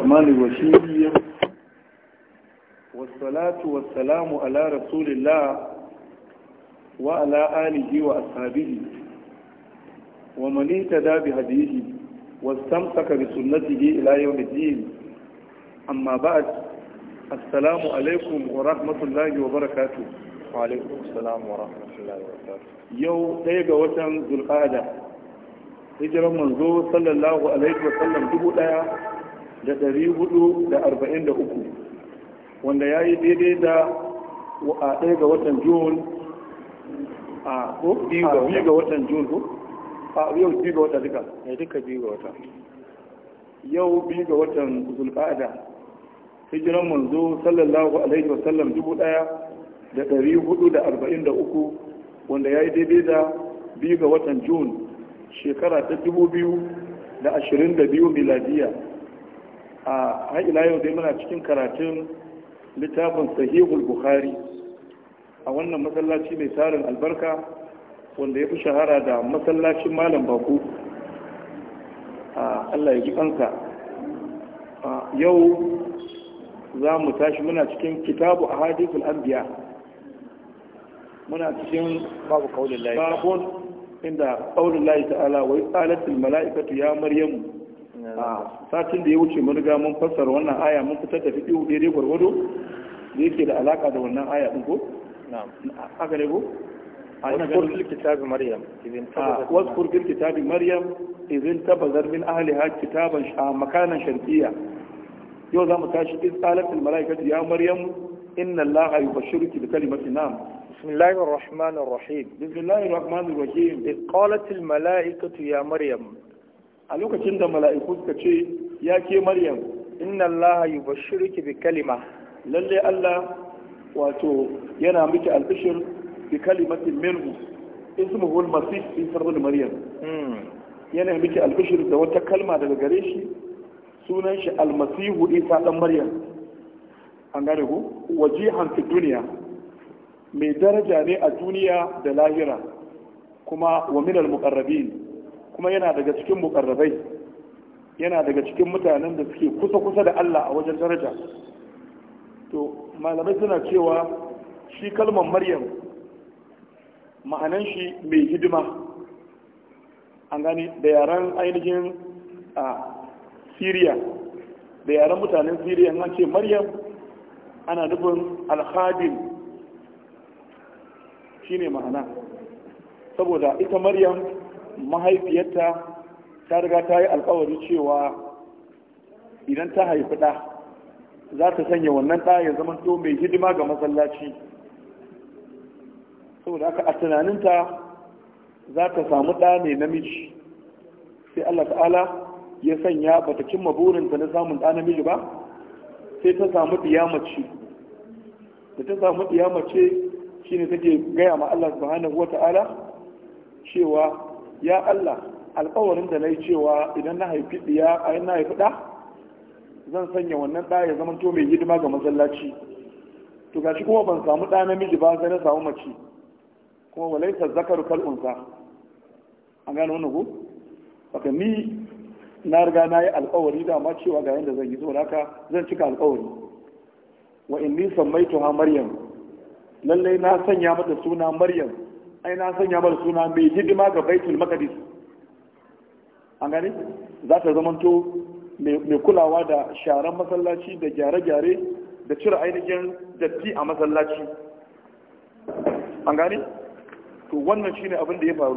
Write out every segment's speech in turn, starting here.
الرحمن الرحيم والصلاة والسلام على رسول الله وعلى آله وأصحابه ومن اهتدى بهديه واستمسك بسنته إلى يوم الدين أما بعد السلام عليكم ورحمة الله وبركاته وعليكم السلام ورحمة الله وبركاته يوم ديغا وتن ذو القعدة hijiran manzo sallallahu alaihi wasallam dubu daya da ɗari hudu da arba'in da uku wanda ya yi daidai da a ɗaya ga watan jun a biyu ga watan jun ko a yau biyu ga watan duka ya eh, duka biyu ga watan yau biyu ga watan zulƙada hijiran manzo sallallahu alaihi wasallam dubu ɗaya da ɗari hudu da arba'in da uku wanda ya yi daidai da biyu ga watan jun shekara ta dubu biyu da ashirin da biyu miladiya a haila yau dai muna cikin karatun littafin sahihul bukhari a wannan masallaci mai tarin albarka wanda ya fi shahara da masallacin malam baku a allah ya ji kansa yau za mu tashi muna cikin kitabu a hadithul anbiya muna cikin babu kaulin layi inda kaulin ta'ala wai tsalatul mala'ikatu ya maryamu satin da ya wuce mun riga mun fassara wannan aya mun fitar da fiqhu daidai gwargwado da yake da alaka da wannan aya din ko na'am haka ne ko واذكر في الكتاب مريم إذ انتبذت واذكر في الكتاب مريم إذ انتبذت من أهلها كتابا مكانا شرقيا yau za mu tashi iz alatul malaikatu ya maryam inna allaha yubashshiruki bi kalimatin nam بسم الله الرحمن الرحيم بسم الله الرحمن الرحيم إذ قالت الملائكة يا مريم a lokacin da mala'iku suka ce ya ke maryam inna allaha yubashshiruki bi kalima lalle allah wato yana miki albishir bi kalimatin minhu ismuhu al-masih isa ibn maryam hmm. yana miki albishir da wata kalma daga gare shi sunan shi almasihu isa dan maryam an gane ku wajihan fi duniya mai daraja ne a duniya da lahira kuma wa minal muqarrabin kuma yana daga cikin mukarrabai yana daga cikin mutanen da suke kusa kusa da Allah a wajen daraja to malamai suna cewa shi kalmar maryam ma'anan shi mai hidima an gani da yaren ainihin a siriya da yaren mutanen siriya an ce maryam ana nufin shi shine ma'ana saboda ita maryam mahaifiyarta ta riga ta yi alkawari cewa idan ta haifi ɗa za ta sanya wannan ɗa ya zama to mai hidima ga masallaci saboda aka a tunaninta za ta samu ɗa ne namiji sai Allah ta'ala ya sanya ba ta cimma burinta na samun ɗa namiji ba sai ta samu ɗiyamace da ta samu ne shine take gaya ma Allah subhanahu wa ta'ala cewa ya Allah alƙawarin da na yi cewa idan na haifi ɗiya a na haifi ɗa zan sanya wannan ɗa ya zama to mai hidima ga masallaci to gashi kuma ban samu ɗa namiji ba sai na samu mace kuma walaisa zakaru kal unsa an gane wani ko haka ni na riga na yi alƙawari da ma cewa ga yadda zan yi saboda haka zan cika alƙawari wa inni ha maryam lallai na sanya mata suna maryam ai na sanya mata suna mai hidima ga baitul maqdis an gani, za ta zamanto mai kulawa da sharan masallaci da gyare-gyare da cire ainihin datti a masallaci an gani, to wannan shine abin da ya faru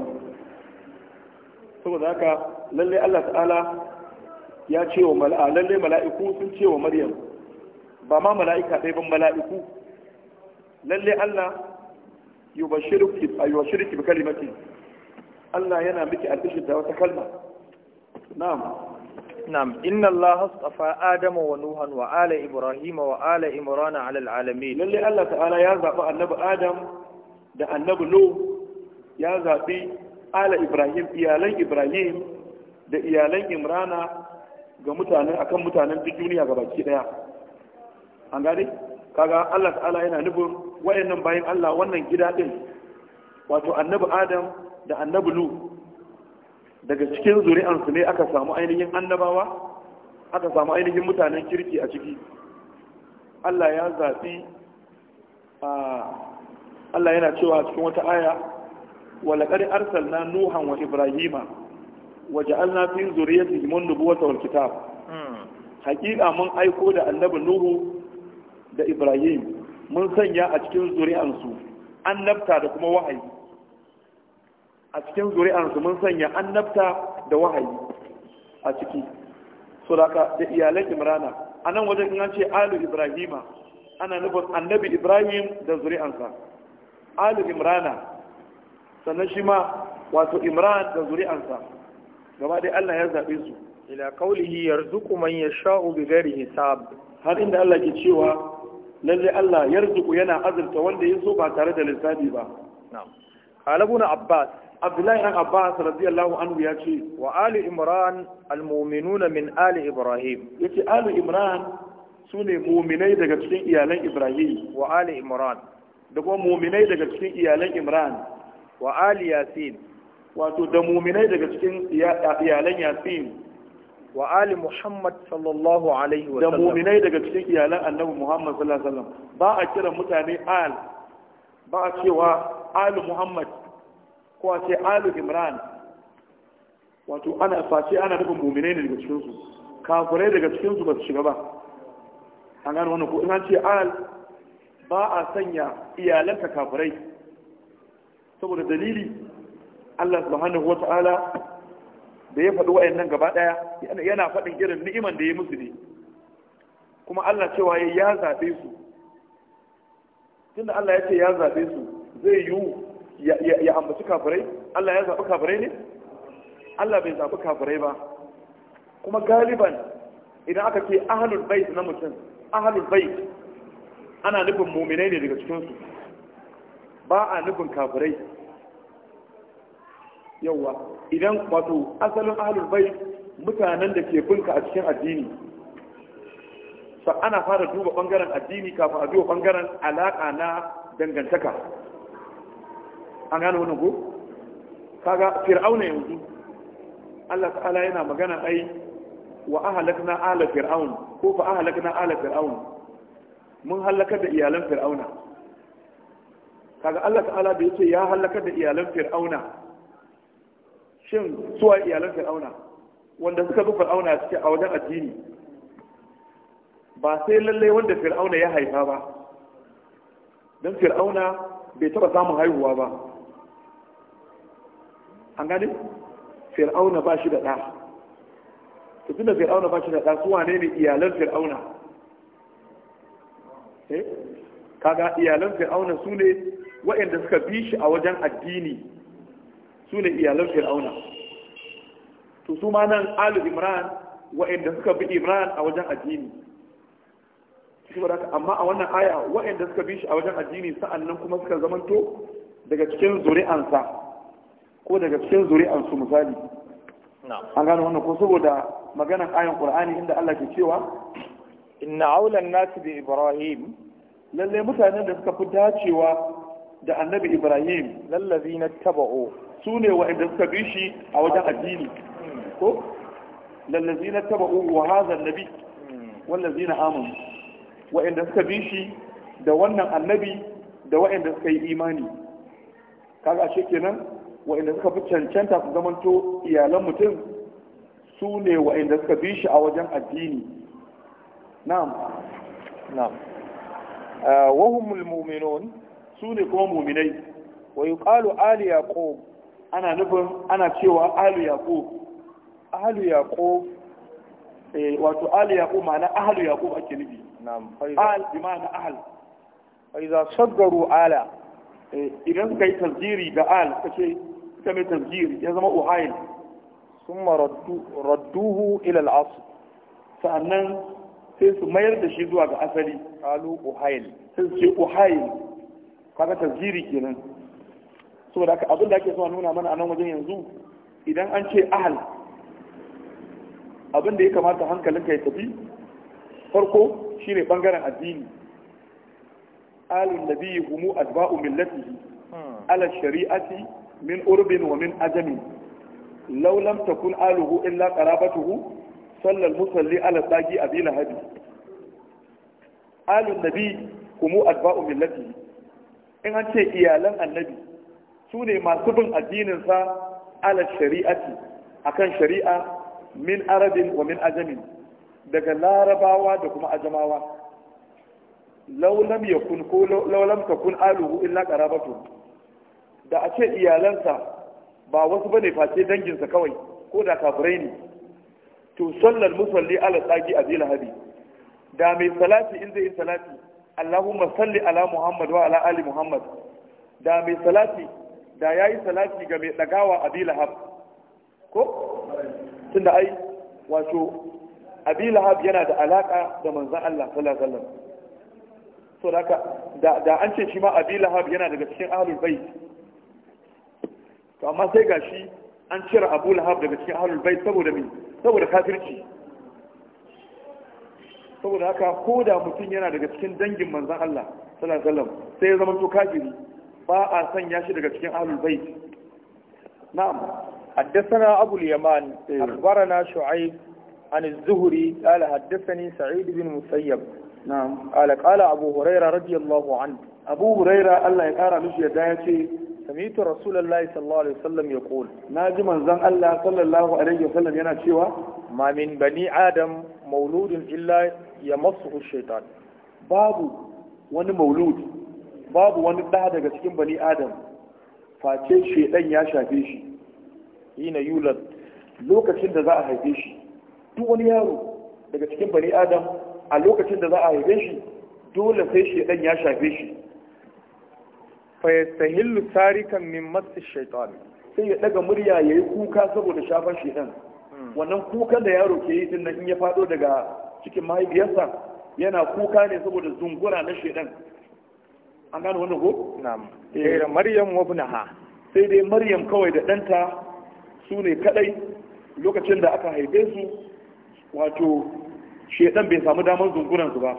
saboda haka lalle Allah ta'ala ya ce wa mala'a lalle mala'iku sun ce wa maryam ba ma mala'ika ɗaya ban mala'iku lalle Allah yubashiruki ayubashiruki bi kalimati Allah yana miki albishir da wata kalma na'am na'am inna Allah astafa Adama wa Nuhan wa ala Ibrahim wa ala Imran ala alalamin lalle Allah ta'ala ya zabi annabi Adam da annabi Nuh ya zabi ala Ibrahim iyalan Ibrahim da iyalan Imrana ga mutanen akan mutanen duk duniya gabaki daya an gane kaga Allah ta'ala yana nufin wayannan bayan Allah wannan gida din wato annabi Adam da annabi Nuh daga cikin su ne aka samu ainihin annabawa aka samu ainihin mutanen kirki a ciki Allah ya a Allah yana cewa cikin wata aya laqad arsalna nuhan wa ibrahima wa ja'alna fi zuriyatihi mun nubuwati wal kitab hmm. hakika mun aiko da annabi nuhu da ibrahim mun sanya a cikin zuri'ansu annabta da kuma wahayi a cikin zuri'ansu mun sanya annabta da wahayi a ciki so da da iyalan imrana a nan wajen in ce alu ibrahima ana nufin annabi ibrahim da zuri'ansa alu imrana sannan shi ma wato imran da zuri'ansa gaba dai allah ya zaɓe su ila kaulihi yarzuqu man yasha'u bi ghairi hisab har inda allah ke cewa lalle Allah yarzuku yana azurta wanda ya so ba tare da lissafi ba na'am abbas abdullahi ibn abbas radiyallahu anhu ya ce wa ali imran almu'minuna min ali ibrahim yace ali imran sune mu'minai daga cikin iyalan ibrahim wa ali imran da kuma mu'minai daga cikin iyalan imran wa ali yasin wato da mu'minai daga cikin iyalan yasin wa ali muhammad sallallahu alaihi wa sallam da mu'minai daga cikin iyalan annabi muhammad sallallahu alaihi wa sallam ba a kira mutane al ba a cewa Ali muhammad ko a ce Ali imran wato ana face ana nufin mu'minai daga cikin su kafirai daga cikin su ba su shiga ba an gano wannan ko in an ce al ba a sanya iyalanka kafirai saboda dalili Allah subhanahu wa ta'ala da ya faɗi nan gaba ɗaya yana faɗin irin ni'iman da ya musu ne kuma Allah cewa ya zaɓe su tunda Allah ya ce ya zaɓe su zai yi ya ambaci kafirai Allah ya zaɓi kafirai ne Allah bai zaɓi kafirai ba kuma galiban idan aka ce ahalul bait na mutum ahalul bait ana nufin muminai ne daga cikinsu ba a nufin kafirai yawa idan wato asalin ahlul bai mutanen da ke bunka a cikin addini sa ana fara duba bangaren addini kafin a duba bangaren alaka na dangantaka an gano wannan ko kaga fir'auna yanzu Allah ta'ala yana magana ai wa ahlakna ala fir'aun ko fa ahlakna ala fir'aun mun halaka da iyalan fir'auna kaga Allah ta'ala da yace ya halaka da iyalan fir'auna shin suwa iyalan fir'auna wanda suka bi fir'auna suke a wajen addini ba sai lallai wanda fir'auna ya haifa ba don fir'auna bai taba samun haihuwa ba an gani fir'auna ba shi da ɗa to tunda fir'auna ba shi da ɗa su wane ne iyalan fir'auna eh? kaga iyalan fir'auna su ne waɗanda suka bi shi a wajen addini su ne iyalan fir'auna to su ma nan alu imran wa'anda suka bi imran a wajen addini amma a wannan aya wa'anda suka bi shi a wajen addini sa'annan kuma suka zamanto daga cikin zuri'ansa ko daga cikin zuri'ansu misali an gano wannan ko saboda maganan ayan qur'ani inda Allah ke cewa inna aulan nasu bi ibrahim lalle mutanen da suka fi dacewa da annabi ibrahim na taba'o. su ne waɗanda suka bi shi a wajen addini ko na lallazina taba'u wa hadha annabi wallazina amanu waɗanda suka bi shi da wannan annabi da waɗanda suka yi imani kaga ce kenan waɗanda suka fi cancanta su zamanto iyalan mutum su ne waɗanda suka bi shi a wajen addini na'am na'am ah, wahumul mu'minun su ne kuma mu'minai wa yuqalu ali yaqub ana nufin ana cewa alu yaqub alu yaqub eh wato alu yaqub ma'ana ahlu yaqub ake nufi na'am al bi ma'ana ahl fa idza saggaru ala eh, idan suka yi tasdiri ga al kace suka mai tasdiri ya zama uhail summa radduhu ila al-asl sa'annan sai su mayar da shi zuwa ga asali qalu uhail sai su ce uhail kaga tasdiri kenan saboda haka abin da ake so nuna mana a nan wajen yanzu idan an ce ahal abin da ya kamata hankalinka ya tafi farko shine ɓangaren addini alun nabiyyi humu adba'u millatihi ala shari'ati min urbin wa min ajamin law lam takun aluhu illa qarabatuhu salla musalli ala sagi abi lahabi alun nabiyyi humu adba'u millatihi in an ce iyalan annabi su ne masu bin addininsa ala shari'ati akan shari'a min arabin wa min ajamin daga larabawa da kuma ajamawa laulam ya kun ko laulam ka kun aluhu illa karabatu da a ce iyalansa ba wasu bane face danginsa kawai ko da kafirai ne to sallar musalli ala tsagi a hadi da mai salati in zai yi salati allahumma salli ala muhammad wa ala ali muhammad da mai salati da ya yi salati ga mai ɗagawa abi lahab ko tunda ai wato abi lahab yana da alaƙa da manzan Allah sallallahu so da da an ce shi ma abi lahab yana daga cikin ahlul bai to amma sai gashi an cire abu lahab daga cikin ahlul bai saboda mai saboda kafirci saboda haka ko da mutum yana daga cikin dangin manzan Allah sallallahu sai ya zama to kafiri ba a sanya shi daga cikin ahlul bait na'am حدثنا أبو اليمان أخبرنا شعيب عن الزهري قال حدثني سعيد بن مسيب نعم قال قال أبو هريرة رضي الله عنه أبو هريرة الله يقارى مش يدايتي سمعت رسول الله صلى الله عليه وسلم يقول ناجي من زن الله صلى الله عليه وسلم ينا شوى ما من بني آدم مولود إلا يمصه الشيطان باب ون مولود babu wani ɗa daga cikin bani adam face shedan ya shafe shi hina yulad lokacin da za a haife shi duk wani yaro daga cikin bani adam a lokacin da za a haife shi dole sai shedan ya shafe shi fa tarikan min masu shaitan sai ya daga murya yayi kuka saboda shafan shedan hmm. wannan kukan da yaro ke yi din in ya fado daga cikin mahaifiyarsa yana kuka ne saboda zungura na shedan an gano wannan ko na'am eh maryam wa ibnaha sai dai maryam kawai da danta su ne kadai lokacin da aka haife su wato shedan bai samu damar zunguran su ba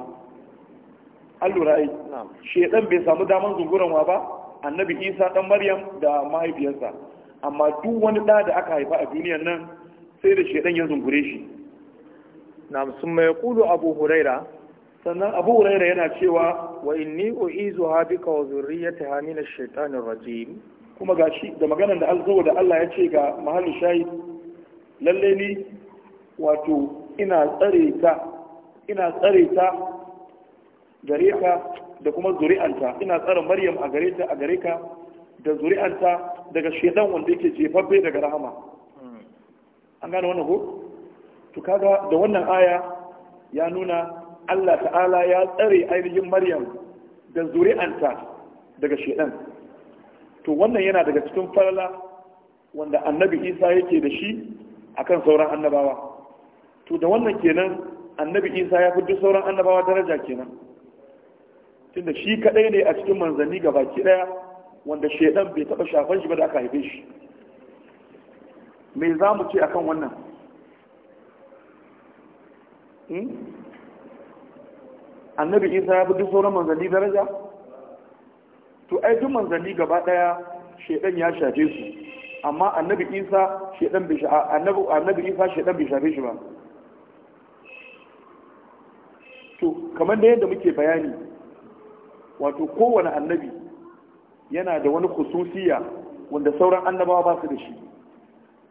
an lura ai shedan bai samu damar zunguran wa ba annabi isa dan maryam da mahaifiyarsa amma duk wani da da aka haifa a duniyar nan sai da shedan ya zungure shi na'am sun mai kulu abu huraira sannan abu huraira yana cewa wa inni u'izu ha bika wa zurriyataha min ash shaitanin rajim kuma ga shi da maganan da alzo da Allah ya ce ga mahallu shayi, lalle ni wato ina tsare ta ina tsare ta gare ka da kuma zuri'anta ina tsare maryam a gare ta a gare ka da zuri'anta daga shaitan wanda yake jefaffe daga rahama hmm. an gane wannan ko to kaga da wannan aya ya nuna Allah ta'ala ya tsare ainihin Maryam da zuri'anta daga shedan to wannan yana daga cikin falala wanda annabi Isa yake da shi akan sauran annabawa to da wannan kenan annabi Isa ya fi duk sauran annabawa daraja kenan tunda shi kadai ne a cikin manzanni gaba ki daya wanda shedan bai taba shafan shi ba da aka haife shi me za mu ce akan wannan hmm? annabi isa ya fi duk sauran manzanni daraja to ai duk manzanni gaba daya shedan ya shafe su amma annabi isa shedan bai annabi annabi isa shedan bai shafe shi ba to kamar da yadda muke bayani wato kowane annabi yana da wani khususiya wanda sauran annabawa ba su da shi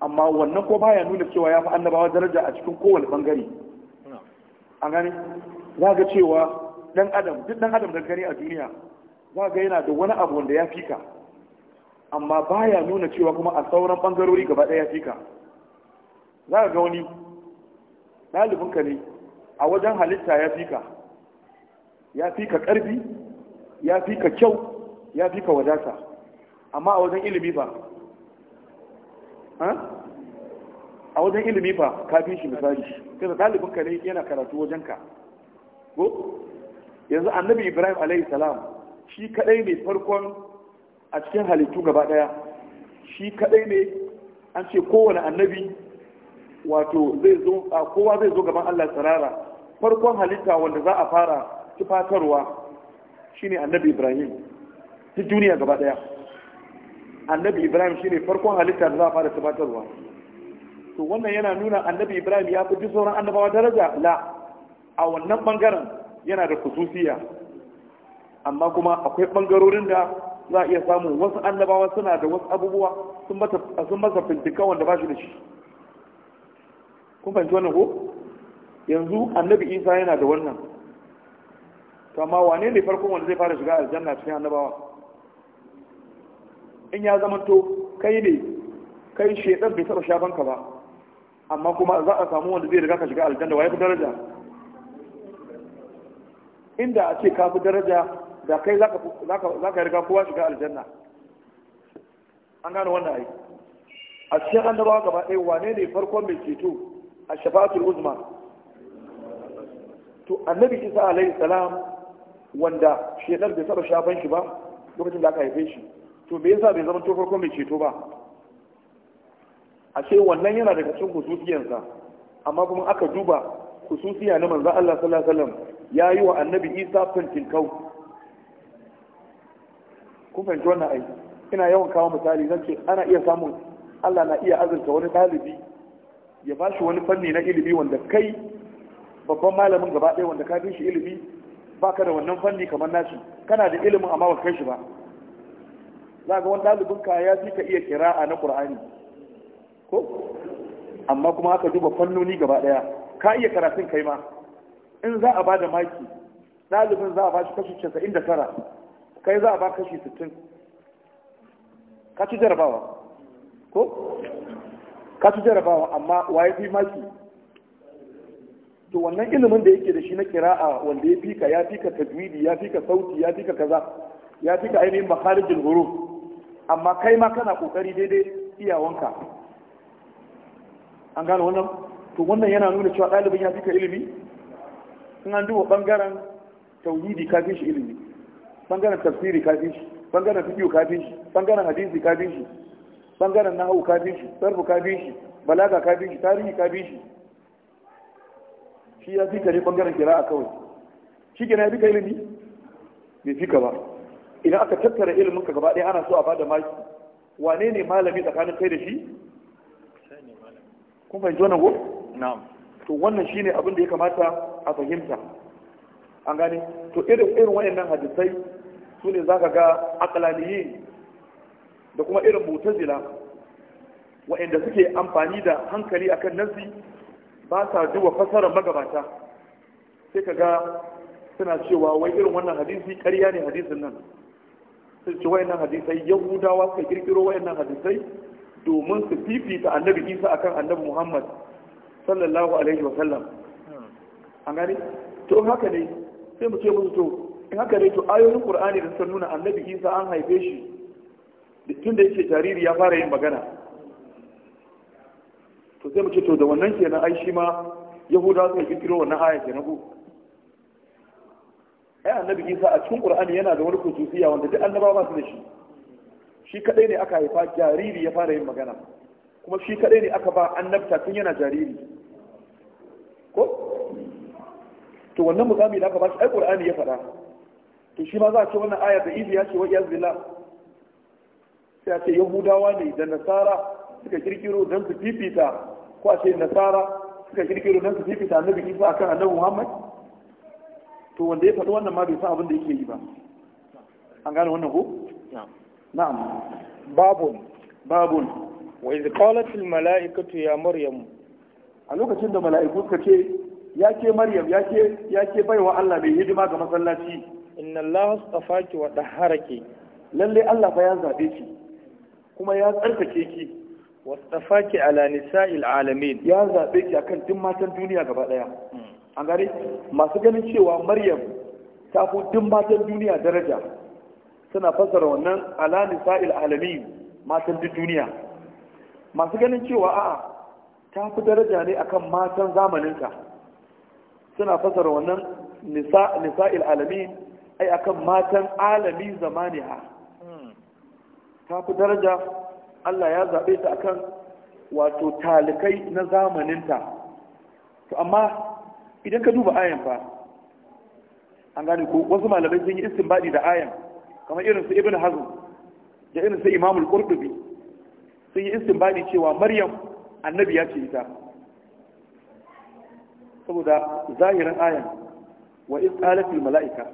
amma wannan ko baya nuna cewa ya fi annabawa daraja a cikin kowane bangare an gani. za ga cewa dan adam duk dan adam da gani a duniya za ga yana da wani abu wanda ya fika amma baya nuna cewa kuma a sauran bangarori gaba ɗaya ya fika za ga wani ɗalibinka ne a wajen halitta ya fika ya fika ƙarfi ya fika kyau ya fika wadata amma a wajen ilimi ba eh? a wajen ilimi ba kafin shi misali sai da ɗalibinka ne yana karatu wajenka ko yanzu annabi ibrahim alaihi salam shi kadai ne farkon a cikin halittu gaba daya shi kadai ne an ce kowane annabi wato zai zo kowa zai zo gaban Allah sarara farkon halitta wanda za a fara tufatarwa shine annabi ibrahim ta duniya gaba daya annabi ibrahim shine farkon halitta da za a fara tufatarwa to wannan yana nuna annabi ibrahim ya fi sauran annabawa daraja la a wannan bangaren yana da kususiya amma kuma akwai bangarorin da za a iya samun wasu annabawa suna da wasu abubuwa sun masa fintika wanda ba shi da shi kun fahimci wannan ko yanzu annabi isa yana da wannan kama wane ne farkon wanda zai fara shiga aljanna cikin annabawa in ya to kai ne kai shaidan bai saba shafanka ba amma kuma za a samu wanda zai riga ka shiga aljanna waye fi daraja inda a ce ka fi daraja da kai za ka riga kowa shiga aljanna an gano wannan ai a cikin annabawa gaba ɗaya wane ne farkon mai ceto a shafatul uzma to annabi isa alaihi salam wanda shekar bai saba shafan shi ba lokacin da aka haife shi to me yasa bai zama to farkon mai ceto ba a ce wannan yana daga cikin hususiyansa amma kuma aka duba hususiya na manzo Allah sallallahu alaihi wasallam ya yi wa annabi isa fintin kau kun fahimci wannan ai ina yawan kawo misali zan ce ana iya samun allah na iya azurta wani ɗalibi ya ba shi wani fanni na ilimi wanda kai babban malamin gaba ɗaya wanda ka shi ilimi ba ka da wannan fanni kamar nashi kana da ilimin amma ba kai shi ba za ga wani ɗalibin ka ya fi ka iya kira'a na ƙur'ani ko amma kuma aka duba fannoni gaba ɗaya ka iya karatun kai ma in za a ba da maki ɗalibin za a ba shi kashi casa'in da tara kai za a ba kashi sittin ka ci jarabawa ko ka ci jarabawa amma waye fi maki to wannan ilimin da yake da shi na kira'a wanda ya fika ya fika tajwidi ya fika sauti ya fika kaza ya fika ainihin makarijin huruf amma kai ma kana kokari daidai iyawanka an gano wannan to wannan yana nuna cewa ɗalibin ya fika ilimi in an duba bangaren tauhidi kafin shi ilimi bangaren tafsiri kafin shi bangaren fiqh kafin shi bangaren hadisi kafin shi bangaren nahwu kafin shi sarfu kafin shi balaga kafin shi tarihi kafin shi shi ya fika ne bangaren kira'a kawai shi ke na fika ilimi bai fika ba idan aka tattara ilimin ka gaba ɗaya ana so a bada maki wane ne malami tsakanin kai da shi Kuma yanzu wannan ko na'am to wannan shine abin da ya kamata a fahimta an gane to irin irin wayannan hadisai su ne zaka ga aqlaniyi da kuma irin mutazila wayanda suke amfani da hankali akan nasi ba sa duba fasara magabata sai ka ga suna cewa wai irin wannan hadisi ƙarya ne hadisin nan sun ce wayannan hadisai yahudawa suka kirkiro wayannan hadisai domin su fifita annabi isa akan annabi muhammad sallallahu alaihi wasallam an gani to haka ne sai mu ce musu to in haka ne to ayoyin qur'ani da suka nuna annabi isa an haife shi tun da yake jariri ya fara yin magana to sai mu ce to da wannan kenan ai shi ma yahudawa suka kirkiro wannan aya kenan ku? ai annabi isa a cikin qur'ani yana da wani kutusiya wanda duk annabawa ba su da shi shi kadai ne aka haifa jariri ya fara yin magana kuma shi kadai ne aka ba annabta tun yana jariri ko to wannan mukami da aka ba shi ai qur'ani ya faɗa to shi ma za a ce wannan aya da idi ya ce wa yazila sai a ce yahudawa ne da nasara suka kirkiro dan su fifita ko a ce nasara suka kirkiro dan su fifita annabi Isa akan annabi Muhammad to wanda ya faɗi wannan ma bai san abin da yake yi ba an gane wannan ko na'am babun babun wa iz qalatil mala'ikatu ya maryam a lokacin da mala'iku suka ce ya ke maryam ya ke ya baiwa Allah mai hidima ga masallaci inna Allah astafaki wa dahharaki lalle Allah fa ya zabe ki kuma ya tsarkake ki Wa wastafaki ala nisa'il alamin ya zabe ki akan duk matan duniya gaba daya an gare masu ganin cewa maryam ta fi duk matan duniya daraja suna fassara wannan ala nisa'il alamin matan duk duniya masu ganin cewa a'a ta fi daraja ne akan matan zamaninka suna fasara wannan nisa'il alami ai akan matan alami ha ta fi daraja Allah ya zaɓe ta akan wato talikai na zamaninta to amma idan ka duba ayan fa an gane ko wasu malamai sun yi istinbadi da ayan kamar irin su ibn hazm da irin su imamul qurtubi sun yi istinbadi cewa maryam annabi ya ce ita saboda zahirin ayan wa iz malaika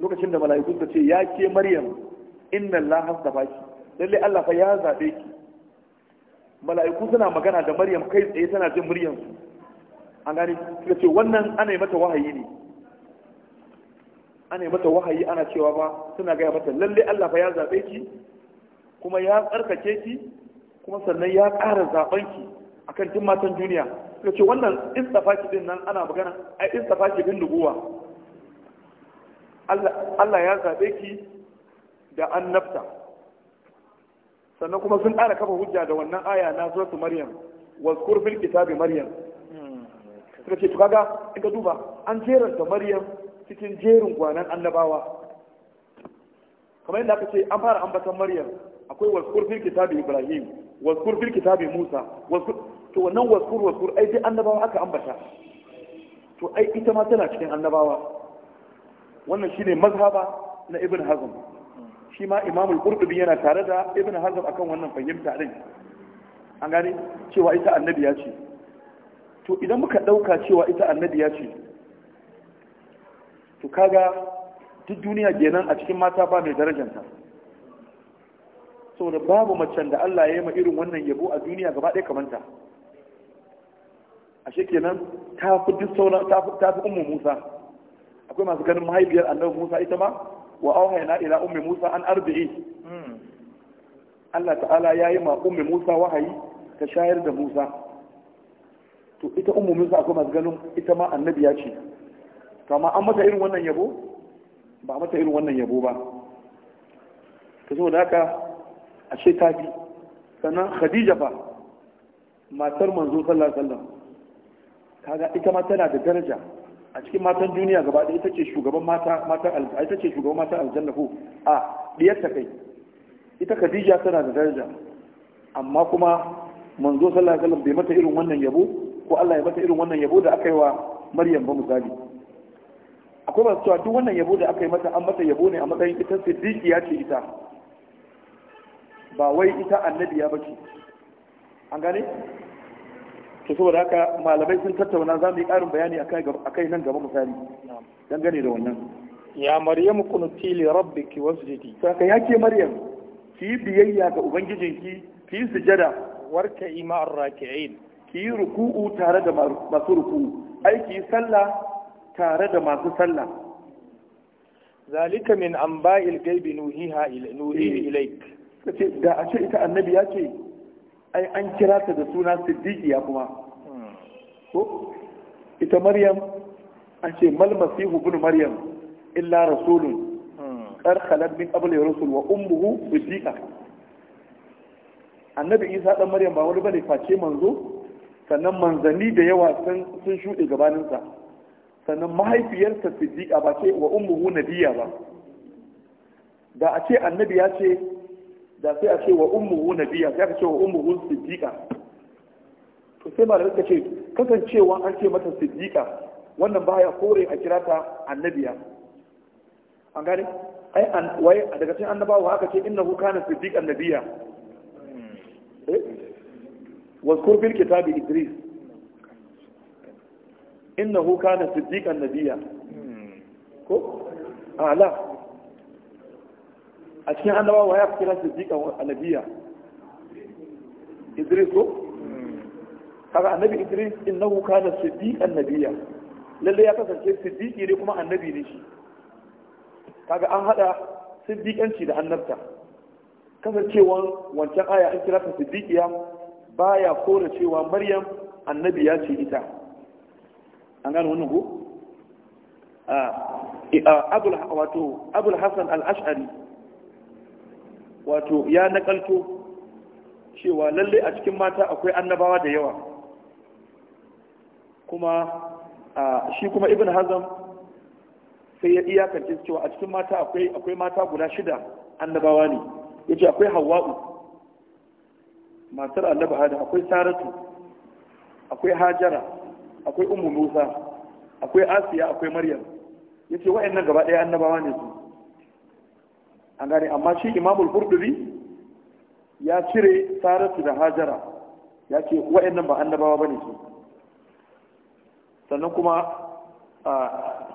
lokacin da mala'iku suka ce ya ke maryam inna allaha hasabaki lalle Allah fa ya zabe ki mala'iku suna magana da maryam kai tsaye tana jin muryan su an gani suka ce wannan ana yi mata wahayi ne ana yi mata wahayi ana cewa ba suna gaya mata lalle Allah fa ya zabe ki kuma ya tsarkake ki kuma sannan ya ƙara zaɓen ki kan duk matan duniya suka ce wannan ki din nan ana magana a ki bin dubuwa. Allah ya zaɓe ki da an nafta. sannan kuma sun ƙara kafa hujja da wannan aya na suratu maryam wazkur fil kitabi maryam suka ce to kaga in ka duba an jeranta maryam cikin jerin gwanan annabawa kamar yadda aka ce an fara ambatan maryam akwai wasu fil kitabi ibrahim waskur fil kitabi Musa waskur to wannan waskur waskur ai sai annabawa aka ambata to ai ita ma tana cikin annabawa wannan shine mazhaba na Ibn Hazm shi ma imamul al-Qurtubi yana tare da Ibn Hazm akan wannan fahimta din an gane cewa ita annabiya ce to idan muka dauka cewa ita annabiya ce to kaga duk duniya kenan a cikin mata ba mai darajanta saboda babu macen da Allah ya yi ma irin wannan yabo a duniya gaba ɗaya kamanta ashe kenan ta fi duk sauran ta fi ummu Musa akwai masu ganin mahaifiyar annabi Musa ita ma wa auhayna ila ummi Musa an arbi'i hmm. Allah ta'ala ya yi ma ummi Musa wahayi ta shayar da Musa to ita ummu Musa akwai masu ganin ita ma annabi ya ce to amma an mata irin wannan yabo ba mata irin wannan yabo ba to saboda haka ashe ta ji sannan khadija ba matar manzo sallallahu alaihi wasallam kaga ita ma tana da daraja a cikin matan duniya gaba ɗaya ita ce shugaban mata matan aljanna ita ce shugaban matan aljanna ko a diyar ta kai ita khadija tana da daraja amma kuma manzo sallallahu alaihi wasallam bai mata irin wannan yabo ko Allah ya mata irin wannan yabo da aka yi wa Maryam ba misali akwai masu cewa duk wannan yabo da aka yi mata an mata yabo ne a matsayin ita siddiqiya ce ita ba wai ita annabi ya bace an gane to saboda haka malamai sun tattauna za mu yi ƙarin bayani a kai nan gaba misali gane da wannan ya maryam kunuti li rabbiki wasjidi saka yake maryam ki biyayya ga ubangijinki ki sujada warka ima arraki'in ki ruku'u tare da masu ruku'u ai sallah tare da masu sallah zalika min anba'il gaibi nuhiha eh. ilayk suka ce da a ce ita annabi ya ce ai an kira ta da suna siddiqiya kuma ko ita maryam an ce mal masihu ibn maryam illa rasulun kar khalat min qabli rasul wa ummuhu siddiqa annabi isa dan maryam ba wani bane face manzo sannan manzanni da yawa sun sun shuɗe gabaninsa sannan mahaifiyarsa siddiqa ba ce wa ummuhu nabiyya ba da a ce annabi ya ce da sai a ce wa ummuhu nabiya sai aka ce wa ummuhu siddiqa to sai ma suka ce kasancewa an ce mata siddiqa wannan baya kore a kira ta annabiya an gane ai an waye daga cikin annabawa aka ce innahu kana siddiqan nabiya eh wazkur bil kitabi idris innahu kana siddiqan nabiya hmm. ko ala a cikin annabawa ya fi kira siddiqan annabiya idris ko kaga annabi idris innahu kana siddiqan Annabiya. lalle ya kasance siddiqi ne kuma annabi ne shi kaga an hada siddiqanci da annabta kasancewan wancan aya an kira ta siddiqiya baya kora cewa maryam annabi ya ce ita an gano wannan ko a ah, eh, ah, abul hasan al-ash'ari wato ya nakalto cewa lalle a cikin mata akwai annabawa da yawa kuma a shi kuma ibn hazam sai ya iyakance cewa a cikin mata akwai mata guda shida annabawa ne yace akwai hawa'u matar annabi hada akwai saratu akwai hajara akwai ummu musa akwai asiya akwai maryam yace wa'annan gaba ɗaya annabawa ne su an gane amma shi imamul qurtubi ya cire saratu da hajara ya ce wa'annan ba annabawa bane su sannan kuma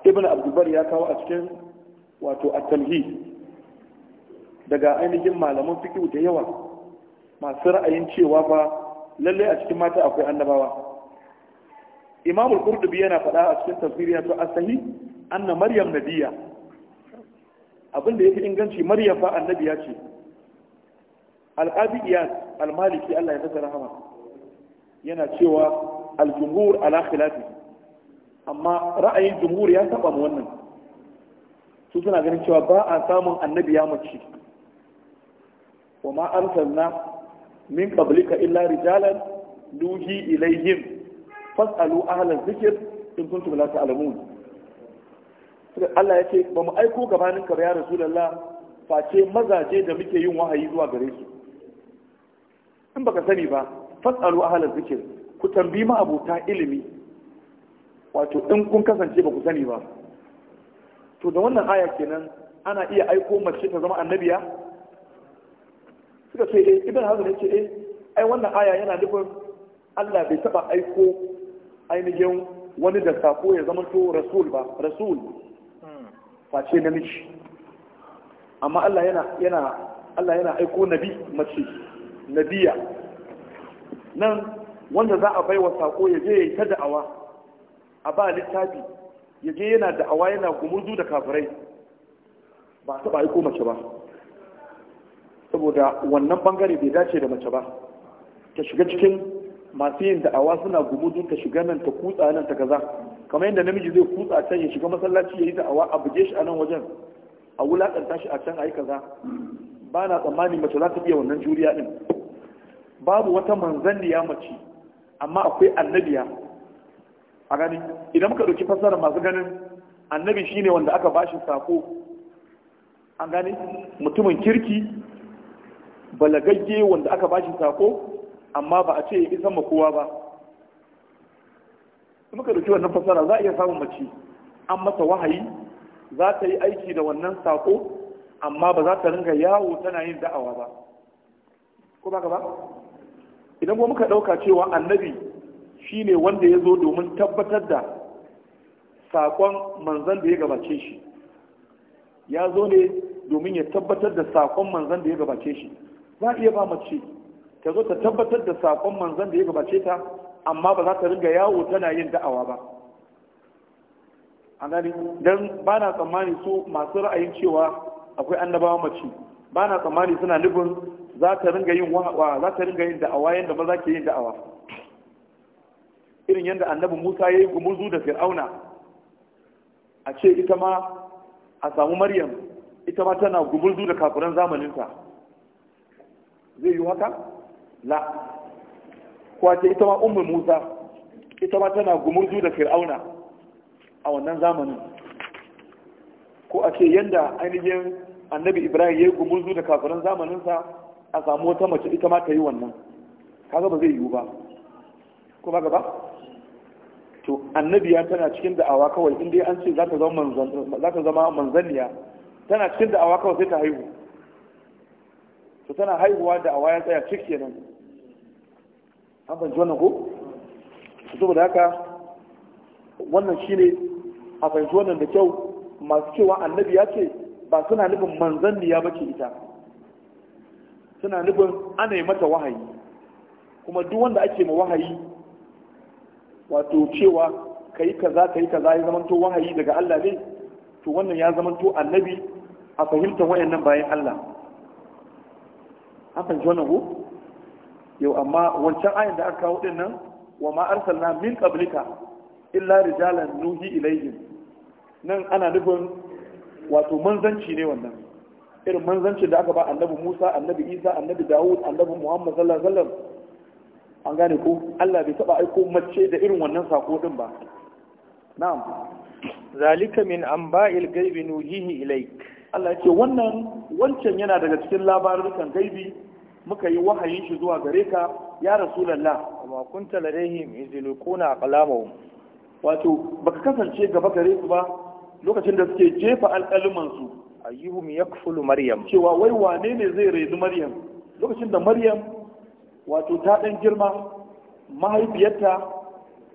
ibn abdulbar ya kawo a cikin wato at daga ainihin malaman fiqh da yawa masu ra'ayin cewa ba lallai a cikin mata akwai annabawa imamul qurtubi yana faɗa a cikin tafsiriya to asahi anna maryam nabiyya abin da ya fi inganci maryam ba annabi ya ce alƙabi iyas almaliki allah ya saka rahama yana cewa aljumhur ala khilafi amma ra'ayin jumhur ya saba mu wannan su suna ganin cewa ba a samun annabi ya mace wa ma arsalna min qablika illa rijalan nuhi ilayhim fas'alu ahla dhikr in kuntum la ta'lamun Allah ya ce ba mu aiko gabanin ka ya rasulullah face mazaje da muke yin wahayi zuwa gare su in baka sani ba fasalu ahlal zikir ku tambayi ma abota ilimi wato in kun kasance ba ku sani ba to da wannan aya kenan ana iya aiko mace ta zama annabiya suka ce eh ibn hazm ya ce eh ai wannan aya yana nufin Allah bai taba aiko ainihin wani da sako ya zama to rasul ba rasul face namiji amma Allah yana yana Allah yana aiko nabi mace nabiya nan wanda za a bai wa sako ya je ya ta da'awa a ba littafi ya je yana da'awa yana gumurzu da kafirai ba a ba aiko mace ba saboda wannan bangare bai dace da mace ba ta shiga cikin masu yin da'awa suna gumudu ta shiga nan ta kutsa nan ta kaza kamar yadda namiji zai kutsa can ya shiga masallaci ya yi da'awa a buge shi a nan wajen a wulaƙanta shi a can a yi kaza ba na tsammani mace za ta iya wannan juriya ɗin babu wata manzanniya mace amma akwai annabiya a gani idan muka ɗauki fassara masu ganin annabi shine wanda aka bashi sako an gani mutumin kirki balagagge wanda aka bashi sako amma ba a ce ya isa ma kowa ba muka dauki wannan fasara za a iya samun mace an mata wahayi za ta yi aiki da wannan sako amma ba za ta ringa yawo tana yin da'awa ba ko ba ba idan kuma muka dauka cewa annabi shine wanda ya zo domin tabbatar da sakon manzan da ya gabace shi ya zo ne domin ya tabbatar da sakon manzan da ya gabace shi za a iya ba mace ta zo ta tabbatar da sakon manzan da ya gabace ta amma ba za ta ringa yawo tana yin da'awa ba an gani don ba na tsammani su masu ra'ayin cewa akwai annabawa mace ba na tsammani suna nufin za ta ringa yin wa za ta ringa yin da'awa yadda za ke yin da'awa irin yadda annabi musa ya yi gumurzu da fir'auna a ce ita ma a samu maryam ita ma tana gumurzu da kafiran zamaninta zai yi haka la kwace ita ma Umar musa ita ma tana gumurzu da fir'auna a wannan zamanin ko a ce yanda ainihin annabi ibrahim ya yi gumurzu da kafiran zamaninsa a samu wata mace ita ma ta yi wannan kaga ba zai yiwu ba ko ba gaba to annabi ya tana cikin da'awa kawai inda an ce za ta zama manzanniya tana cikin da'awa kawai sai ta haihu to tana haihuwa da'awa ya tsaya cikin nan. an fahimci wannan ko saboda haka wannan shine a fahimci wannan da kyau masu cewa annabi ya ce ba suna nufin manzanniya ba bace ita suna nufin ana yi mata wahayi kuma duk wanda ake ma wahayi wato cewa ka yi kaza ka yi kaza ya zamanto wahayi daga Allah ne to wannan ya zamanto annabi a fahimtar wayannan bayan Allah an fahimci ko yau amma wancan ayin da aka kawo din nan wa ma arsalna min qablika illa rijalan nuhi ilayhim nan ana nufin wato manzanci ne wannan irin manzancin da aka ba annabi Musa annabi Isa annabi Dawud annabi Muhammad sallallahu alaihi wasallam an gane ko Allah bai taba aiko mace da irin wannan sako din ba na'am zalika min anba'il ghaibi nuhihi ilayk Allah ya ce wannan wancan yana daga cikin labarukan gaibi muka yi wahayin shi zuwa gare ka ya rasulallah amma kunta ladaihim izilquna aqlamahum wato baka kasance gaba gare su ba lokacin da suke jefa alƙaluman su ayyuhum yakfulu maryam cewa wai wane ne zai reni maryam lokacin da maryam wato ta ɗan girma mahaifiyarta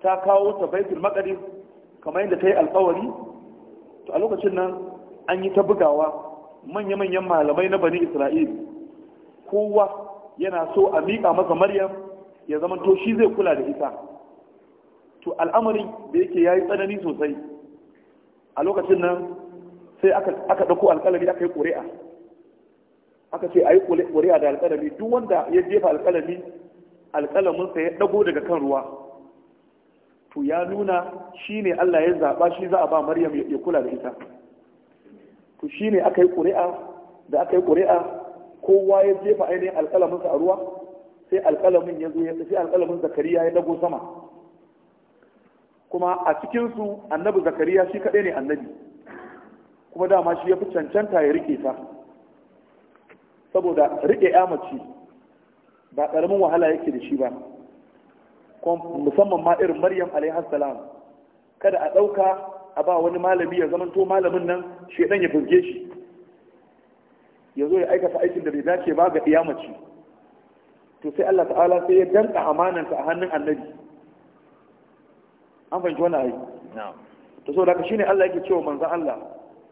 ta kawo ta baitul maqdis kamar yadda ta yi alkawari to a lokacin nan an yi ta bugawa manya-manyan malamai na bani Isra'il. kowa yana so a miƙa masa maryam ya zama to shi zai kula da ita to al'amarin da yake ya yi tsanani sosai a lokacin nan sai aka ɗauko alƙalami aka yi ƙuri'a aka ce a yi ƙuri'a da alƙalami duk wanda ya jefa alƙalami alƙalaminsa ya ɗago daga kan ruwa to ya nuna shi ne allah ya zaɓa shi za a ba maryam ya kula da ita to shi ne aka yi ƙuri'a da aka yi ƙuri'a kowa ya jefa ainihin alƙalaminsa a ruwa sai alƙalamin ya zo ya sai alƙalamin zakariya ya dago sama kuma a cikinsu annabi zakariya shi kaɗai ne annabi kuma dama shi ya fi cancanta ya rike ta saboda rike ya mace ba ƙaramin wahala yake da shi ba musamman ma irin maryam alaihi salam kada a ɗauka a ba wani malami ya zamanto malamin nan shedan ya fizge shi ya zo ya aikata aikin da bai dace ba ga iyamaci to sai Allah ta'ala sai ya danka amananta a hannun annabi an fahimci wannan ayi to so daga shine Allah yake cewa manzon Allah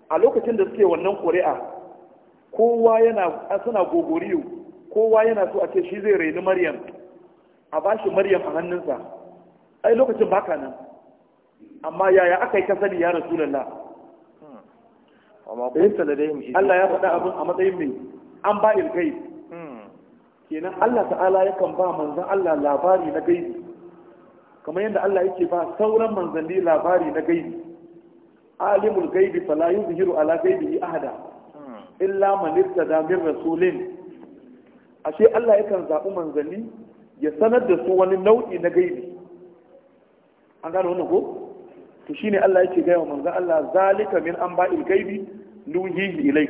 a lokacin da suke wannan ƙuri'a kowa yana suna gogoriyo kowa yana so a ce shi zai raini Maryam a bashi Maryam a hannunsa ai lokacin baka nan amma yaya aka yi ka sani ya Rasulullah Allah ya faɗa abin a matsayin mai an ba ilgai hmm. kenan Allah ta'ala yakan ba manzan Allah labari na gaibi kamar yadda Allah yake ba sauran manzanni labari na gaibi alimul gaibi fala yuzhiru ala gaibihi ahada hmm. illa man irtada min rasulin ashe Allah yakan zaɓi manzanni ya sanar da su wani nau'i na gaibi an gano wannan ko to shine Allah yake gaya wa manzon Allah zalika min anba'il gaibi nuhihi ilai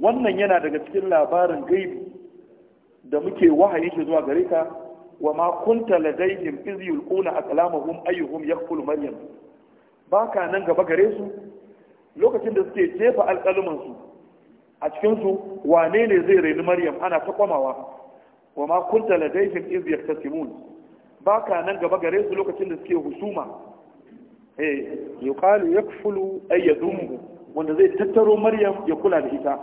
wannan yana daga cikin labarin gaibi da muke wahayi shi zuwa gare ka wa ma kunta ladaihim iz yulquna aqlamahum ayyuhum yaqul maryam baka nan gaba gare su lokacin da suke jefa alƙaluman su a cikin su wane ne zai raini maryam ana ta kwamawa wa ma kunta ladaihim iz yaktasimun baka nan gaba gare su lokacin da suke husuma eh yuqalu yakfulu ay yadummu wanda zai tattaro maryam ya kula da ita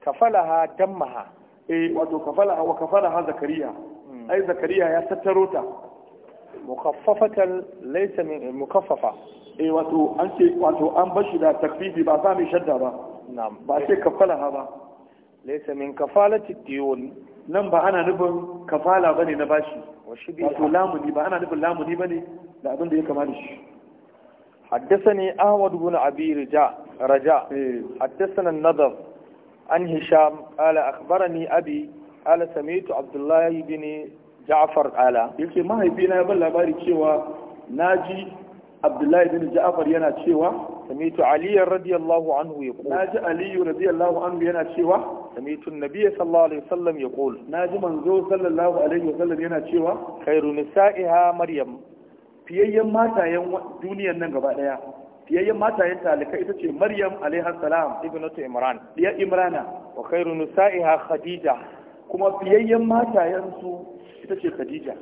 kafalaha dammaha eh wato kafalaha wa kafalaha zakariya hmm. ai zakariya ya tattaro ta mukaffafatan laysa min eh, mukaffafa eh wato an ce wato an bashi da takfifi ba sa mai shadda ba na'am ba sai kafalaha ba laysa min kafalati diyun nan ba ana nufin kafala bane na bashi wato lamuni ba ana nufin lamuni bane da abin da ya kama da shi حدثني أحمد بن أبي رجاء رجاء حدثنا النضر عن هشام قال أخبرني أبي قال سمعت عبد الله بن جعفر قال يكي ما هي بينا يبل لباري كيوا ناجي عبد الله بن جعفر ينا كيوا سمعت علي رضي الله عنه يقول ناجي علي رضي الله عنه ينا كيوا سمعت النبي صلى الله عليه وسلم يقول ناجي منزو صلى الله عليه وسلم ينا كيوا خير نسائها مريم fiyayyen matayen duniyar nan gaba daya fiyayyen matayen talika ita ce maryam alaihar salam ibnatu imran ya imrana wa khairu nisa'iha khadija kuma fiyayyen matayen su ita ce khadija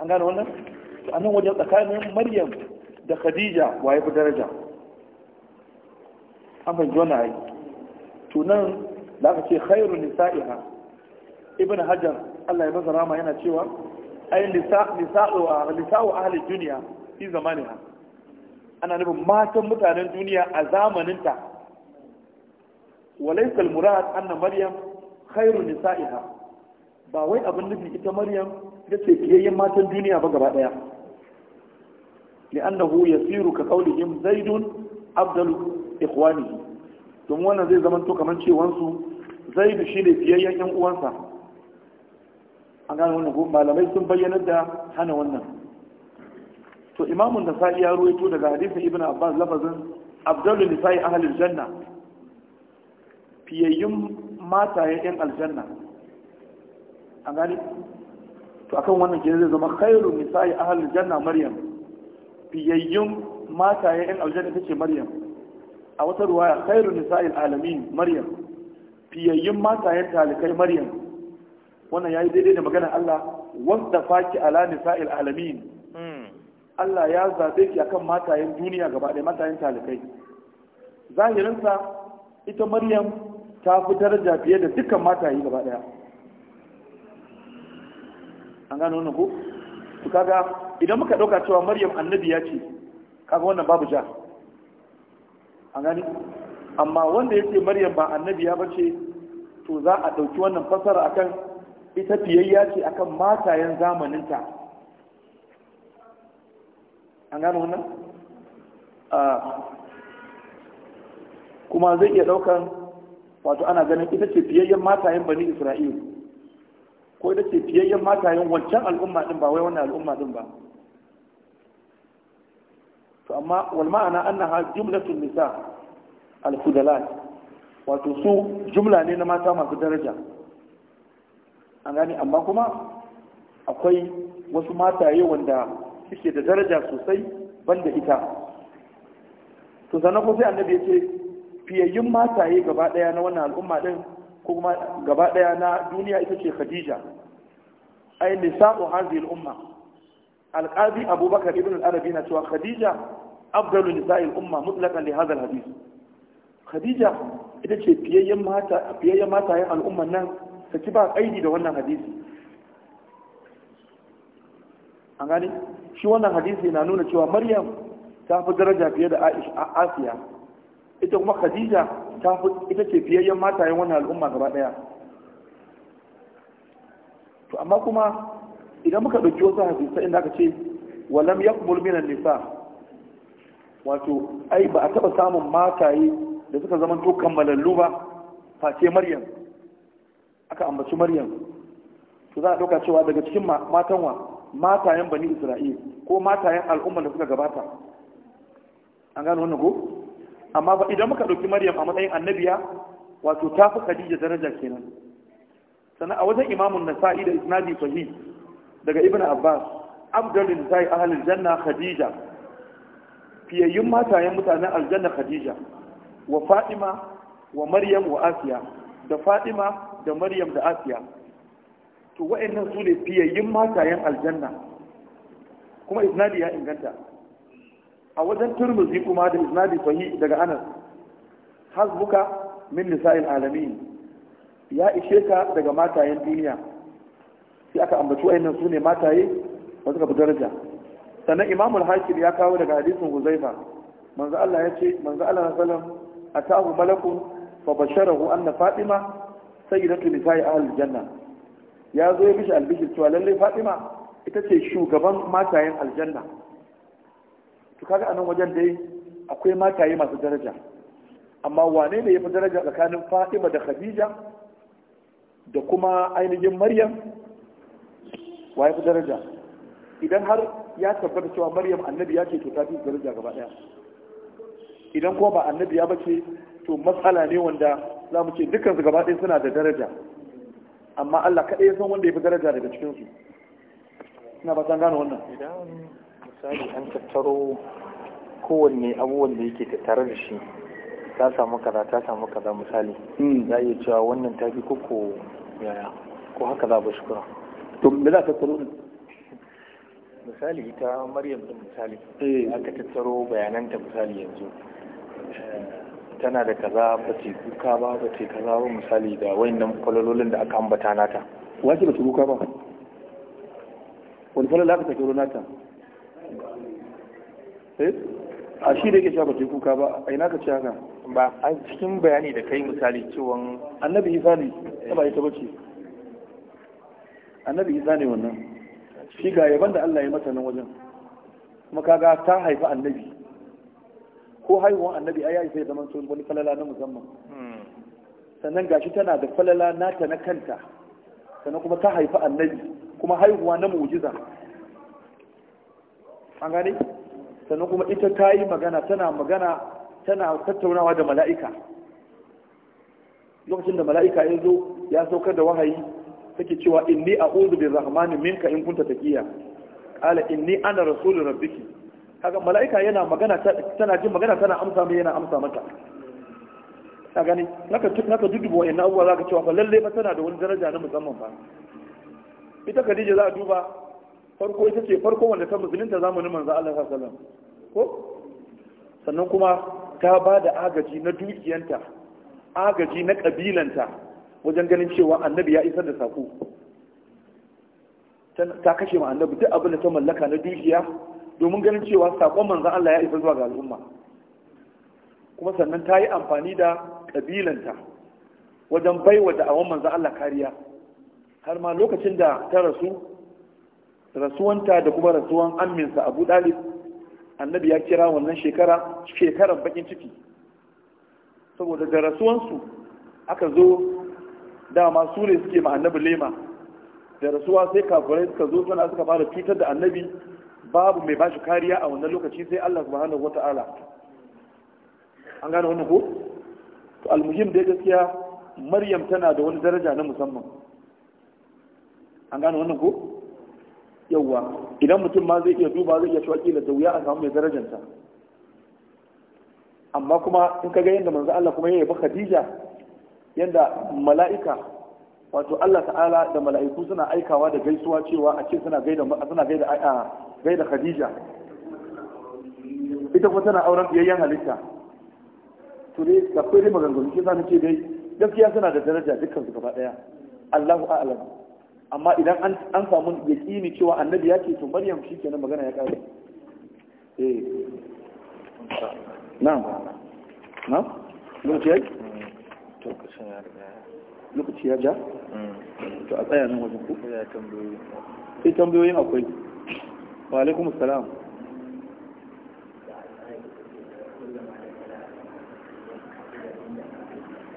an gane wannan a nan wajen tsakanin maryam da khadija waye fi daraja an fahimci wannan ai to nan da aka ce khairu nisa'iha ibn hajar Allah ya bazara ma yana cewa ai lisa'u ahli duniya fi zamaniha ana nufin matan mutanen duniya a zamaninta walaisal murad anna maryam khairu nisa'iha ba wai abin nufi ita maryam ita ce kiyayyen matan duniya ba gaba daya li'annahu yasiru ka qawlihim zaidun afdalu ikhwanihi Domin wannan zai zama to kaman cewansu zaidu shine fiyayyen yan uwansa an gane wannan ko malamai sun bayyana da hana wannan to imamun da sa'i ya ruwaito daga hadisin ibn abbas lafazin abdullu nisa'i ahlil janna fiyayyun mataye yan aljanna an gane to akan wannan ke zai zama khairu nisa'i ahlil janna maryam fiyayyun mataye yan aljanna tace maryam a wata ruwaya khairu nisa'il alamin maryam fiyayyun ya talikai maryam wannan ya yi daidai da maganar Allah wanda faki ala nisa'il alamin hmm. Allah ya zabe ki akan matayen duniya gaba ɗaya matayen talikai zahirinsa ita Maryam ta fi daraja fiye da dukkan mataye gaba ɗaya an gano wannan ko to kaga idan muka ɗauka cewa Maryam annabi ya ce kaga wannan babu ja an gani amma wanda yake Maryam ba annabi ya bace to za a ɗauki wannan fasara akan ita fiyayya ce akan matayen zamaninta an gano wannan kuma zai iya daukan wato ana ganin ita ce fiyayyen matayen bani isra'il ko ita ce fiyayyen matayen wancan al'umma din ba wai wannan al'umma din ba to amma wal ma'ana annaha jumlatul nisa al-fudalat wato su jumla ne na mata masu daraja an gane amma kuma akwai wasu mataye wanda suke da daraja sosai banda ita to sannan ko sai annabi ya ce fiyayyun mataye gaba daya na wannan al'umma din ko kuma gaba daya na duniya ita ce khadija ay nisa'u hadhihi al'umma umma al abubakar ibn al-arabi na cewa khadija afdalu nisa'i al'umma umma mutlaqan li hadha al-hadith khadija ita ce fiyayyun mata fiyayyen matayen al'umman nan saki ba kaidi da wannan hadisi an gani shi wannan hadisi na nuna cewa maryam ta fi daraja fiye da asiya ita kuma khadija ta fi ita ce fiyayyen matayen wannan al'umma gaba daya to amma kuma idan muka ɗauki wasu hadisai inda aka ce walam yaqbul min nisa wato ai ba a taba samun mataye da suka zama to kammalallu ba face maryam aka ambaci maryam to za a ɗauka cewa daga cikin matan wa matayen bani isra'il ko matayen al'umma da suka gabata an gano wannan ko amma ba idan muka ɗauki maryam a matsayin annabiya wato ta fi khadija daraja kenan sannan a wajen imamun nasa'i da isnadi sahih daga ibn abbas abdulin zai ahalin janna khadija fiyayyun matayen mutanen aljanna khadija wa fatima wa maryam wa asiya da fatima da maryam da asiya to wa'annan su ne fiyayyin matayen aljanna kuma isnadi ya inganta a wajen turmuzi kuma da isnadi sahi daga anas hasbuka min nisa'il alamin ya ishe ka daga matayen duniya sai aka ambaci wa'annan su ne mataye ba suka daraja sannan imamul hakir ya kawo daga hadisin huzaifa manzo Allah ya ce manzo Allah sallallahu alaihi wasallam atahu malakun fa basharahu anna fatima sayyidatu nisa'i ahli janna ya zo ya bishi albishir cewa lallai fatima ita ce shugaban matayen aljanna to kaga anan wajen dai akwai mataye masu daraja amma wane ne ya fi daraja tsakanin fatima da khadija da kuma ainihin maryam wa yafi fi daraja idan har ya tabbata cewa maryam annabi ya ce to ta fi daraja gaba daya idan kuma ba annabi ya bace to matsala ne wanda za mu ce su gaba ɗaya suna da daraja amma Allah kaɗai ya san wanda ya fi daraja daga cikinsu ina ba san gane wannan idan misali an tattaro kowanne abubuwan da yake tattare da shi ta samu kaza ta samu kaza misali hmm. za a iya cewa wannan ta fi koko yaya ko haka za a bashi kura to me za tattaro tsaro misali ita maryam din misali eh. aka tattaro bayananta misali yanzu eh, tana da kaza ba ce kuka ba ba ce kaza ba misali da wayannan kwalololin da aka ambata nata wace ba ce kuka ba wani da aka sake nata eh? a shi da yake cewa ba ta kuka ba a ina ka ce haka ba a cikin bayani da kai misali cewa annabi isa ne ta ba ita ba ce annabi isa ne wannan shi ga yaban da Allah ya mata nan wajen kuma kaga ta haifi annabi ko haihuwan annabi ai sai zaman tsohon wani falala na musamman sannan gashi tana da falala nata na kanta sannan kuma ta haifi annabi kuma haihuwa na mu'jiza an gane sannan kuma ita ta yi magana tana magana tana tattaunawa da mala'ika lokacin da mala'ika ya zo ya saukar da wahayi take cewa inni a'udhu birrahmani minka in kunta taqiya qala inni ana rasulur rabbiki kaga mala'ika yana magana tana jin magana tana amsa mai yana amsa maka ka gani naka naka duduba wayannan abubuwa zaka cewa fa lalle ba tana da wani daraja na musamman ba ita Khadija za a duba farko ita ce farko wanda ta musulunta zamanin manzo Allah sallallahu alaihi wasallam ko sannan kuma ta ba da agaji na dukiyanta agaji na kabilanta wajen ganin cewa annabi ya isar da sako ta kashe ma annabi duk abin da ta mallaka na dukiya domin ganin cewa sakon manzan Allah ya isa zuwa ga al'umma kuma sannan ta yi amfani da ƙabilanta wajen baiwa da'awan manzan Allah kariya har ma lokacin da ta rasu rasuwanta da kuma rasuwan aminsa Abu Dalib annabi ya kira wannan shekara shekarar bakin ciki saboda da rasuwansu aka zo dama su ne suke ma lema da rasuwa sai kafirai suka zo suna suka fara cutar da annabi babu mai bashi kariya a wannan lokaci sai Allah subhanahu wata'ala an gane wannan ko to almuhim dai gaskiya maryam tana da wani daraja na musamman an gane wannan ko yawwa idan mutum ma zai iya duba zai iya cewa kila da wuya a samu mai darajanta amma kuma in ka ga yadda manzo Allah kuma yi ba Khadija yadda mala'ika wato Allah ta'ala da mala'iku suna aikawa da gaisuwa cewa a ce suna gaida suna gaida gaida Khadija ita kuma tana auren biyayyen halitta to dai da kai maganganu shi zan ke dai gaskiya suna da daraja dukkan su gaba daya Allahu a'lam amma idan an an samu yaqini cewa annabi ya ce to Maryam shikenan magana ya kare eh na'am na'am mun ce to kusa ya riga lokaci ya ja mm. to a tsaya nan wajen ku sai tambayoyin akwai wa alaikum salam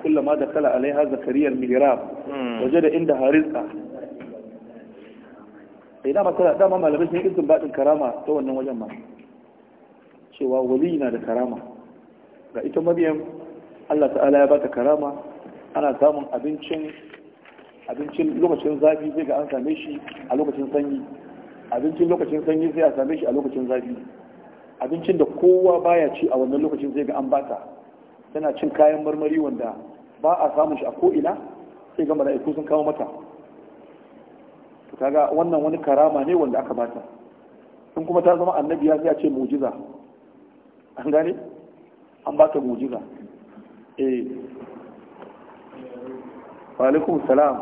kullama da kala alaiha zakariyar mihrab mm. waje da inda harizka sai eh, dama tana dama malamai sun izin baɗin karama ta wannan wajen ma cewa wali na da karama ga ita maryam Allah ta'ala ya bata karama ana samun abincin abincin lokacin zafi zai ga an same shi a lokacin sanyi abincin lokacin sanyi sai a same shi a lokacin zafi abincin da kowa baya ci a wannan lokacin zai ga an bata tana cin kayan marmari wanda ba a samun shi a ko'ina sai ga iku sun kawo mata ta kaga wannan wani karama ne wanda aka bata sun kuma ta zama annabi sai a ce mu'jiza an gane an bata mu'jiza eh. wa salam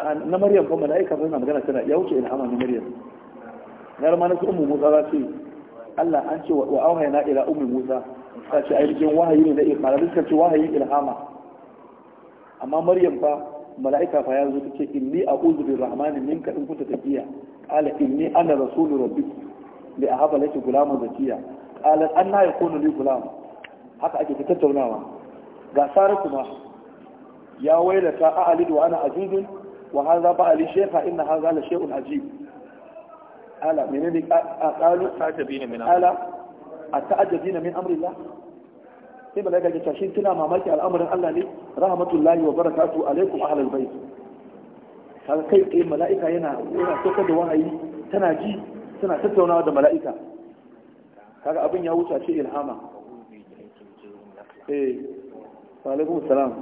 ah, na maryam kuma da aika suna magana tana ya wuce ilhama na maryam na rama na ummu musa za ce Allah an ce wa auhayna ila ummu musa ta ce a ainihin wahayi ne da ilhama da ce wahayi ilhama amma maryam fa mala'ika fa ya zo ta ce inni a'udhu birrahmani minka in kunta taqiya qala inni ana rasulu rabbikum li ahaba laki gulaman zakiya qala anna yakunu li gulam haka ake ta tattaunawa ga sara kuma ya wailata a alid wa ana ajudun wa hadha ba ali shaykha inna hadha la shay'un ajib ala menene qalu ta'jabina min ala ata'jabina min amrillah sai mamaki al'amarin Allah ne rahmatullahi wa barakatuhu alaikum ahlul bait kaga kai kai mala'ika yana yana saukar da wahayi tana ji tana tattaunawa da mala'ika kaga abin ya wuce ce ilhama eh wa alaikum salam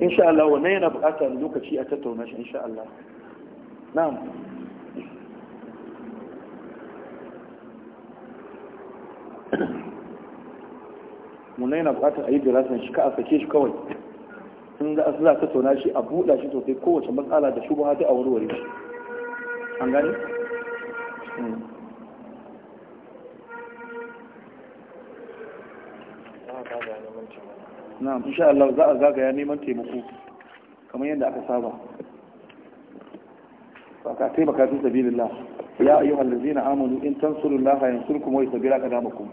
insha Allah wannan yana buƙatar lokaci a tattauna shi insha Allah na'am Thank you. muna yana bukatar a yi dirasan shi ka a sake shi kawai in za a tona shi a buɗa shi sosai kowace matsala da shubuha ta a warware shi an gane hmm. na'am insha Allah za a zagaya neman taimako kamar yadda aka saba ka taimaka fi sabilillah ya ayyuhal na amanu in tansurullaha yansurkum wa yusabbiru qadamakum